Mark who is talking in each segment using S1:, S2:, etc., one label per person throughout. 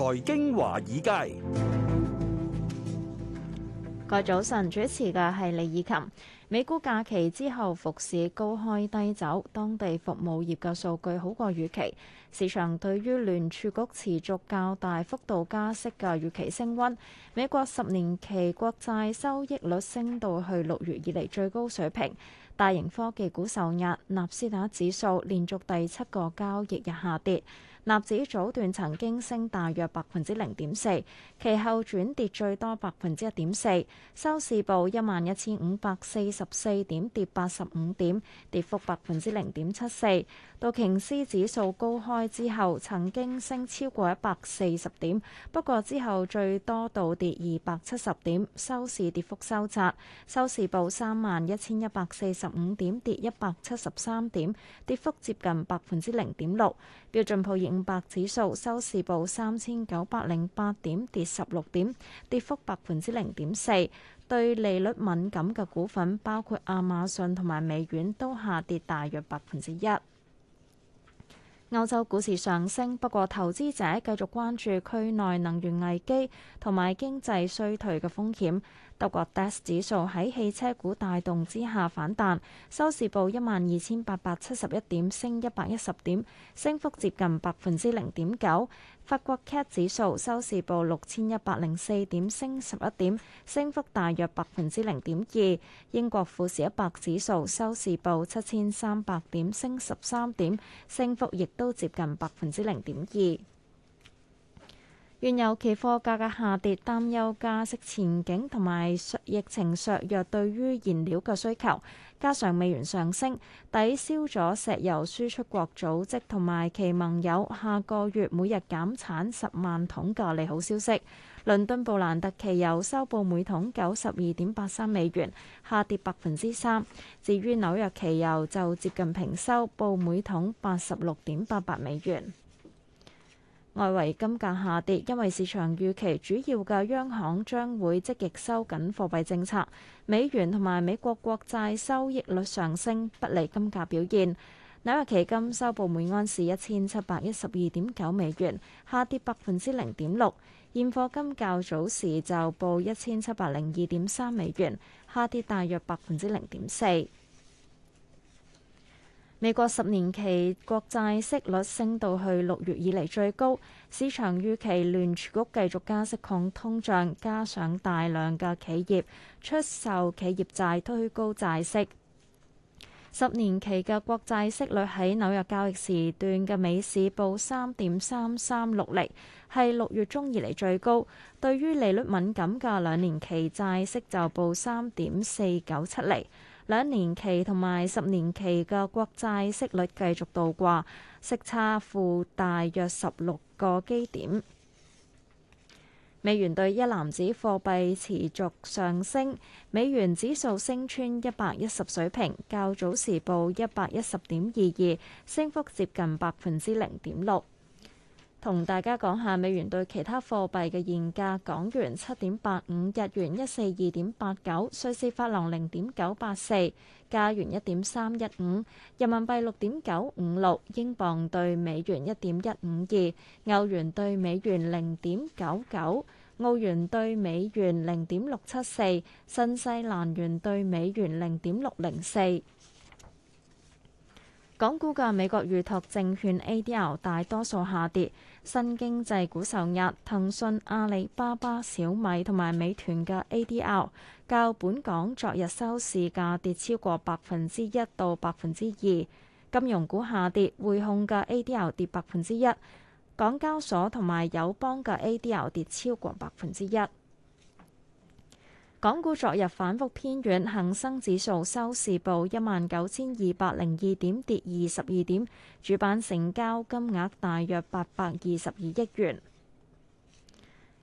S1: 財經華爾街。
S2: 個早晨主持嘅係李以琴。美股假期之後復市高開低走，當地服務業嘅數據好過預期，市場對於聯儲局持續較大幅度加息嘅預期升溫。美國十年期國債收益率升到去六月以嚟最高水平，大型科技股受壓，納斯達指數連續第七個交易日下跌。納指早段曾經升大約百分之零點四，其後轉跌最多百分之一點四，收市報一萬一千五百四十四點，跌八十五點，跌幅百分之零點七四。道瓊斯指數高開之後，曾經升超過一百四十點，不過之後最多度跌二百七十點，收市跌幅收窄，收市報三萬一千一百四十五點，跌一百七十三點，跌幅接近百分之零點六。標準普五百指數收市報三千九百零八點，跌十六點，跌幅百分之零點四。對利率敏感嘅股份包括亞馬遜同埋微軟都下跌大約百分之一。歐洲股市上升，不過投資者繼續關注區內能源危機同埋經濟衰退嘅風險。德國 DAX 指數喺汽車股帶動之下反彈，收市報一萬二千八百七十一點，升一百一十點，升幅接近百分之零點九。法國 CAC 指數收市報六千一百零四點，升十一點，升幅大約百分之零點二。英國富時一百指數收市報七千三百點，升十三點，升幅亦都接近百分之零點二。原油期貨價格下跌，擔憂加息前景同埋疫情削弱對於燃料嘅需求，加上美元上升抵消咗石油輸出國組織同埋其盟友下個月每日減產十萬桶嘅利好消息。倫敦布蘭特期油收報每桶九十二點八三美元，下跌百分之三。至於紐約期油就接近平收，報每桶八十六點八八美元。外圍金價下跌，因為市場預期主要嘅央行將會積極收緊貨幣政策。美元同埋美國國債收益率上升，不利金價表現。紐約期金收報每安士一千七百一十二點九美元，下跌百分之零點六。現貨金較早時就報一千七百零二點三美元，下跌大約百分之零點四。美國十年期國債息率升到去六月以嚟最高，市場預期聯儲局繼續加息抗通脹，加上大量嘅企業出售企業債，推高債息。十年期嘅國債息率喺紐約交易時段嘅美市報三點三三六厘，係六月中以嚟最高。對於利率敏感嘅兩年期債息就報三點四九七厘。兩年期同埋十年期嘅國債息率繼續倒掛，息差負大約十六個基點。美元兌一籃子貨幣持續上升，美元指數升穿一百一十水平，較早時報一百一十點二二，升幅接近百分之零點六。同大家講下美元對其他貨幣嘅現價：港元七點八五，日元一四二點八九，瑞士法郎零點九八四，加元一點三一五，人民幣六點九五六，英鎊對美元一點一五二，歐元對美元零點九九，澳元對美元零點六七四，新西蘭元對美元零點六零四。港股嘅美國預託證券 A D L 大多數下跌，新經濟股受壓，騰訊、阿里巴巴、小米同埋美團嘅 A D L 較本港昨日收市價跌超過百分之一到百分之二。金融股下跌，匯控嘅 A D L 跌百分之一，港交所同埋友邦嘅 A D L 跌超過百分之一。港股昨日反覆偏軟，恒生指數收市報一萬九千二百零二點，跌二十二點。主板成交金額大約八百二十二億元。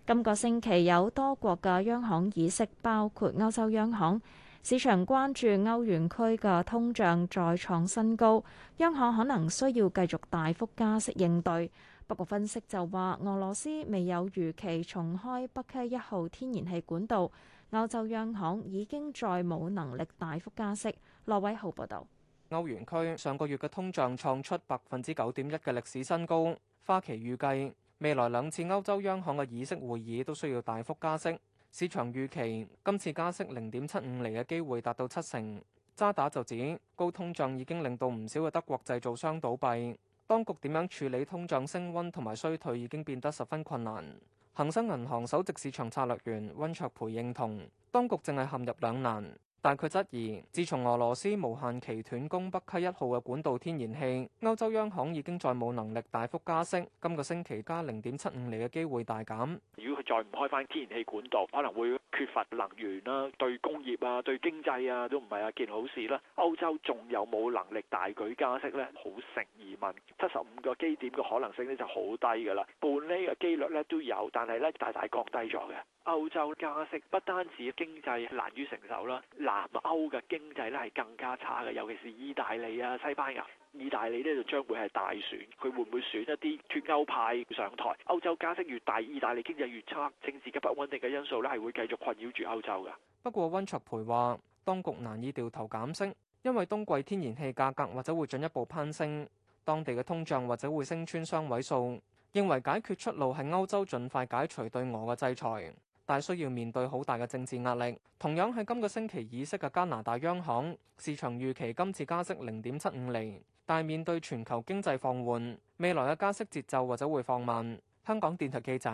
S2: 今個星期有多國嘅央行議息，包括歐洲央行，市場關注歐元區嘅通脹再創新高，央行可能需要繼續大幅加息應對。不過分析就話，俄羅斯未有如期重開北溪一號天然氣管道。歐洲央行已經再冇能力大幅加息。羅偉浩報導。
S3: 歐元區上個月嘅通脹創出百分之九點一嘅歷史新高。花旗預計未來兩次歐洲央行嘅議息會議都需要大幅加息。市場預期今次加息零點七五厘嘅機會達到七成。渣打就指高通脹已經令到唔少嘅德國製造商倒閉。當局點樣處理通脹升温同埋衰退已經變得十分困難。恒生銀行首席市場策略員温卓培認同，當局正係陷入兩難，但佢質疑，自從俄羅斯無限期斷供北溪一號嘅管道天然氣，歐洲央行已經再冇能力大幅加息，今個星期加零點七五厘嘅機會大減。如果佢再唔開返天然氣管道，可能會。缺乏能源啦，對工業啊、對經濟啊都唔係一件好事啦。歐洲仲有冇能力大舉加息呢？好成疑問，七十五個基點嘅可能性呢就好低㗎啦。半厘嘅機率呢都有，但係呢大大
S1: 降低咗嘅。
S3: 歐洲加息不單止經濟難於承受啦，南歐嘅經濟呢係更加差嘅，尤其是意大利啊、西班牙。意大利呢就將會係大選，佢會唔會選一啲脫歐派上台？歐洲加息越大，意大利經濟越差，政治嘅不穩定嘅因素呢係會繼續困擾住歐洲㗎。不過，溫卓培話當局難以掉頭減息，因為冬季天然氣價格或者會進一步攀升，當地嘅通脹或者會升穿雙位數。認為解決出路係歐洲盡快解除對俄嘅制裁，但需要面對好大嘅政治壓力。同樣係今個星期議息嘅加拿大央行，市場預期今次加息零點七五厘。但面對全球經濟放緩，未來嘅加息節奏或者會放慢。香港電台記者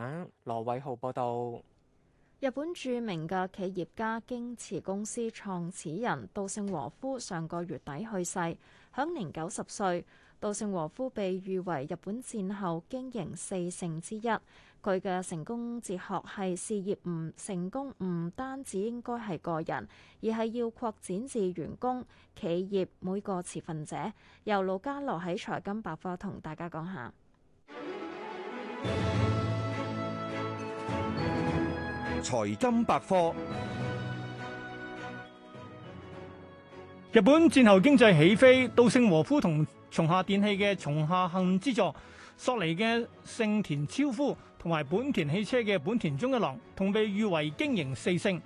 S3: 羅偉浩報道。
S2: 日本著名嘅企業家京瓷公司創始人稻盛和夫上個月底去世，享年九十歲。稻盛和夫被譽為日本戰後經營四聖之一。佢嘅成功哲學係事業唔成功唔單止應該係個人，而係要擴展至員工、企業每個持份者。由盧家樂喺財金百科同大家講下
S1: 財金百科。日本戰後經濟起飛，稻盛和夫同松下電器嘅松下幸之助、索尼嘅盛田昭夫，同埋本田汽車嘅本田宗一郎同被譽為經營四聖，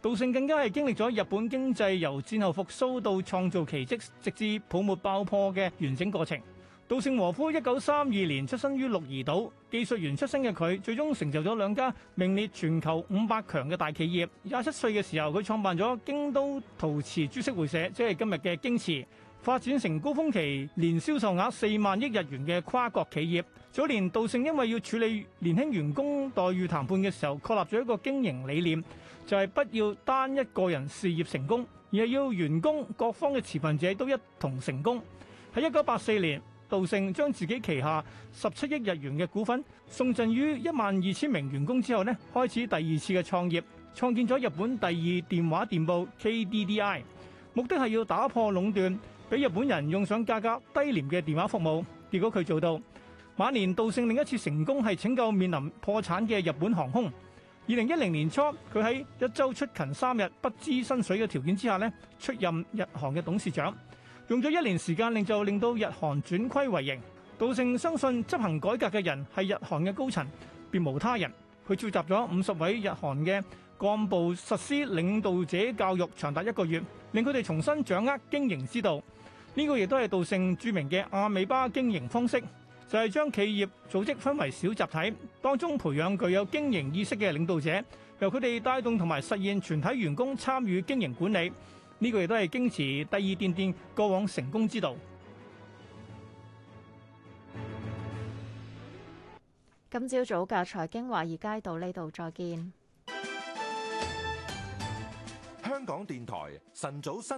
S1: 稻盛更加係經歷咗日本經濟由戰後復甦到創造奇蹟，直至泡沫爆破嘅完整過程。稻盛和夫一九三二年出生於鹿兒島，技術員出身嘅佢，最終成就咗兩家名列全球五百強嘅大企業。廿七歲嘅時候，佢創辦咗京都陶瓷株式會社，即係今日嘅京瓷。發展成高峰期年銷售額四萬億日元嘅跨國企業。早年道盛因為要處理年輕員工待遇談判嘅時候，確立咗一個經營理念，就係不要單一個人事業成功，而係要員工各方嘅持份者都一同成功。喺一九八四年，道盛將自己旗下十七億日元嘅股份送贈於一萬二千名員工之後呢，開始第二次嘅創業，創建咗日本第二電話電報 KDDI，目的係要打破壟斷。俾日本人用上價格低廉嘅電話服務，結果佢做到。晚年稻盛另一次成功係拯救面臨破產嘅日本航空。二零一零年初，佢喺一周出勤三日、不知薪水嘅條件之下咧，出任日航嘅董事長。用咗一年時間，令就令到日航轉虧為盈。稻盛相信執行改革嘅人係日航嘅高層，別無他人。佢召集咗五十位日航嘅幹部實施領導者教育，長達一個月，令佢哋重新掌握經營之道。呢個亦都係稻盛著名嘅阿米巴經營方式，就係、是、將企業組織分為小集體，當中培養具有經營意識嘅領導者，由佢哋帶動同埋實現全體員工參與經營管理。呢、這個亦都係京瓷第二電電過往成功之道。
S2: 今朝早嘅財經華爾街到呢度，再見。
S1: 香港電台晨早新。